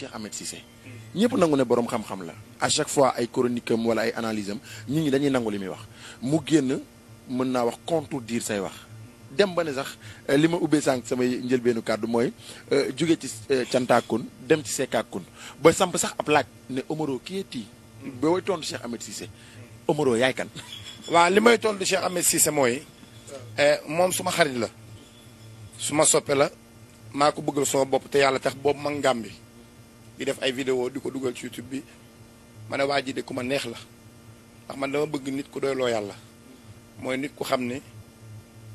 Cheikh Ahmed Cissé ñëpp nangu ne boroom xam-xam la à chaque fois ay chronique am wala ay analyse am nit ñi dañuy nangu li muy wax mu génn mën naa wax contredire say wax dem ba ne sax euh, li ma ubbee sànq samay njëlbeenu kàddu mooy euh, jóge ci euh, cantaakun dem ci seekaakun ba samp sax ab laaj ne Omaro kii tii ba way tontu Cheikh Ahmed Cissé Omaro yaay kan. waaw li may tontu Cheikh Ahmed Cissé mooy moom suma xarit la su ma soppe la maa ko bëgg sama bopp te yàlla tax boobu ma ngàmbi di def ay vidéo di ko dugal ci YouTube bi ma ne waa ji de ku ma neex la ndax man dama bëgg nit ku doy loo yàlla mooy nit ku xam ne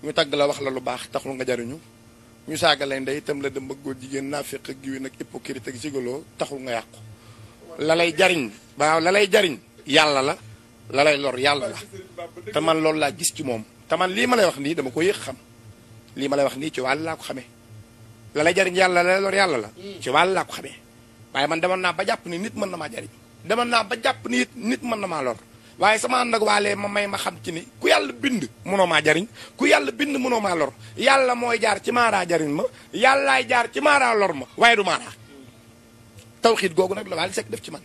ñu tagg la wax la lu baax taxul nga jariñu ñu saaga lay ndey itam la dem ba góor jigéen naafeq ak giwin ak hypocrite ak gigolo taxul nga yàqu la jariñ waaw la lay jariñ yàlla la la lay lor yàlla la man loolu laa gis ci moom te man lii ma lay wax nii dama ko yéex xam lii ma lay wax nii ci wàll laa ko la lay yàlla la lay yàlla la mm. waaye man demoon naa ba jàpp ni nit mën na maa jariñ demoon naa ba jàpp ni nit mën na maa lor waaye sama ànd ak ma may ma xam ci ni ku yàlla bind mënoo maa jariñ ku yàlla bind mënoo maa lor yàlla mooy jaar ci maaraa jariñ ma yàllaay jaar ci maaraa lor ma waaye du maaraa tawxiit googu nag la Wally Seck def ci man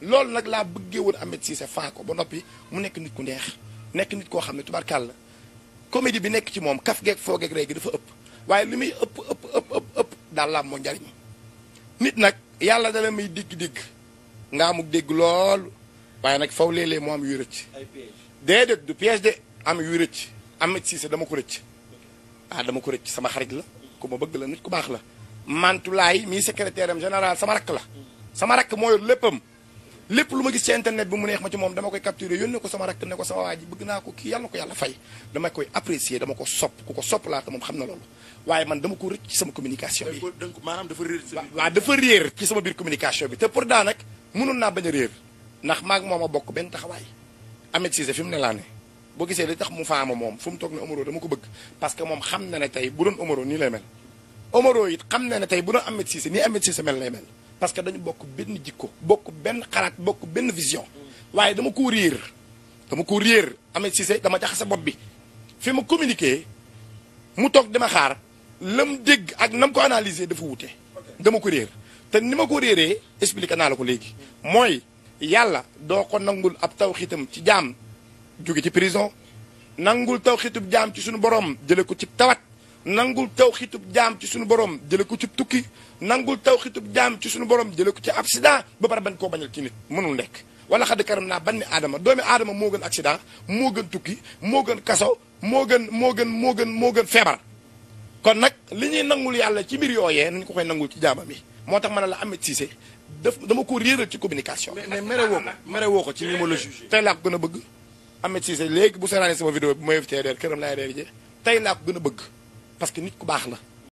loolu nag laa bëggee woon Ahmed Cissé faa ko ba noppi mu nekk nit ku neex nekk nit koo xam ne tubarkàlla comédie bi nekk ci moom kaf geeg foo dafa ëpp waaye li muy ëpp ëpp ëpp yàlla dala may digg-digg nga amuk dégg lool waaye nag faw léeg-léeg mu am yuy rëcc déedéet du piège de am yuy rëcc am siise dama ko rëcc ah dama ko rëcc sama xarit la ku ma bëgg la nit ku baax la mantulaay mii secrétaire am général sama rakk la hmm. sama rakk moo yor léppam lépp lu ma gis ci internet bi mu neex ma ci moom dama koy capturer yónnee ko sama rakk ne ko sama waa bëgg naa ko kii yàlla na ko yàlla fay dama koy apprécier dama ko sopp ku ko sopp laa te moom xam na loolu waaye man dama ko rëcc ci sama communication bi maanaam dafa réer bi te pour daa nag mënoon naa bañ a réer ndax maag moom a bokk benn taxawaay Ahmed Cissé fi mu ne laa ne boo gisee li tax mu faama moom fu mu toog ne Omaro dama ko bëgg parce que moom xam na ne tey bu doon Omaro nii lay mel Omaro it ne tey bu doon Ahmed Cissé nii Ahmed Cissé mel lay mel parce que dañu bokk benn jikko bokk benn xaraat bokk benn vision waaye dama ko réer dama ko réer amee Cissé dama sa bopp bi fi ma communiqué mu toog dama xaar lam dégg ak nam ko analyser dafa wute dama ko réer te ni ma ko réeree expliqué naa la ko léegi mooy yàlla doo ko nangul ab taw xiitam ci jaam jóge ci prison nangul taw xitub jaam ci suñu borom jële ko ci tawat nangul taw xitub jaam ci suñu borom jële ko ci tukki nangul taw xitub jaam ci suñu borom jële ko ci accident ba pare ban koo bañal ci nit mënul nekk wala xadd karam naa ban ni aadama doomi aadama moo gën accident moo gën tukki moo gën kaso moo gën moo gën moo gën moo gën feebar kon nag li ñuy nangul yàlla ci mbir yooyee nañ ko koy nangul ci jaamam yi moo tax ma ne la Ahmed Cissé daf dama ko réeral ci communication. mais mere woo ko mere ko ci numérologie. tey laa ko a bëgg Ahmed Cissé bu seeraanee sama vidéo bi ma invité tey laa ko gën a bëgg. parce que nit ku baax la